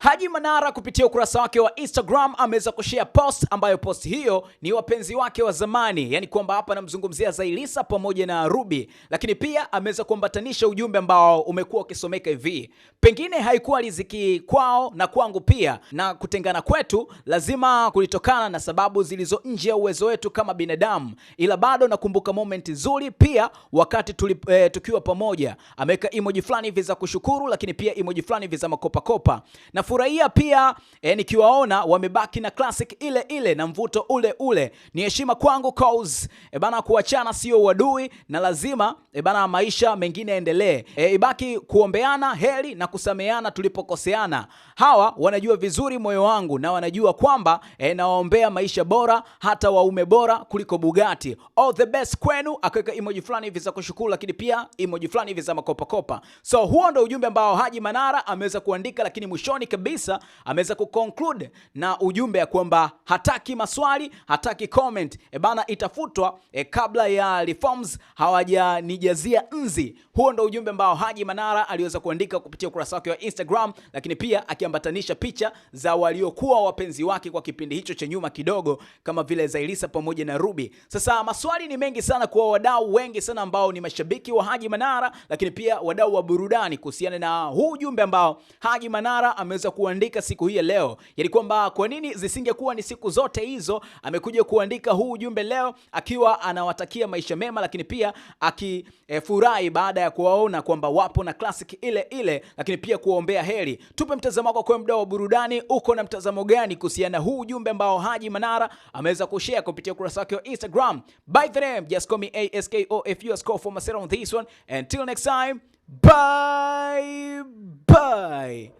Haji Manara kupitia ukurasa wake wa Instagram ameweza kushare post ambayo post hiyo ni wapenzi wake wa zamani, yani kwamba hapa namzungumzia Zailisa pamoja na Ruby, lakini pia ameweza kuambatanisha ujumbe ambao umekuwa ukisomeka hivi: pengine haikuwa riziki kwao na kwangu pia, na kutengana kwetu lazima kulitokana na sababu zilizo nje ya uwezo wetu kama binadamu, ila bado nakumbuka moment nzuri pia wakati tulip, eh, tukiwa pamoja. Ameweka emoji fulani hivi za kushukuru, lakini pia emoji fulani hivi za makopakopa na Nafurahia pia e, nikiwaona wamebaki na classic ile ile na mvuto ule ule. Ni heshima kwangu cause e, bana kuachana sio uadui na lazima e, bana maisha mengine endelee. E, ibaki kuombeana heri na kusameana tulipokoseana. Hawa wanajua vizuri moyo wangu na wanajua kwamba e, nawaombea maisha bora hata waume bora kuliko Bugatti. All the best kwenu. Akaweka emoji fulani hivi za kushukuru, lakini pia emoji fulani hivi za makopakopa. So huo ndio ujumbe ambao Haji Manara ameweza kuandika, lakini mwishoni kabisa ameweza kuconclude na ujumbe ya kwamba hataki maswali, hataki comment. E bana, itafutwa e, kabla ya reforms hawajanijazia nzi. Huo ndo ujumbe ambao Haji Manara aliweza kuandika kupitia ukurasa wake wa Instagram, lakini pia akiambatanisha picha za waliokuwa wapenzi wake kwa kipindi hicho cha nyuma kidogo, kama vile Zailisa pamoja na Ruby. Sasa maswali ni mengi sana kwa wadau wengi sana ambao ni mashabiki wa Haji Manara, lakini pia wadau wa burudani kuhusiana na huu ujumbe ambao Haji Manara ameweza ameweza kuandika siku hii ya leo, yaani kwamba kwa nini zisingekuwa ni siku zote hizo. Amekuja kuandika huu ujumbe leo akiwa anawatakia maisha mema, lakini pia akifurahi baada ya kuwaona kwamba wapo na classic ile ile, lakini pia kuwaombea heri. Tupe mtazamo wako kwa mda wa burudani, uko na mtazamo gani kuhusiana huu ujumbe ambao Haji Manara ameweza kushare kupitia ukurasa wake wa Instagram? By the name just call me ASKOFU score for myself on this one. Until next time, bye bye.